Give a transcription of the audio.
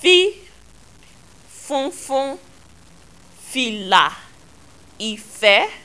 Fi, Fonfon, Filá e Fé.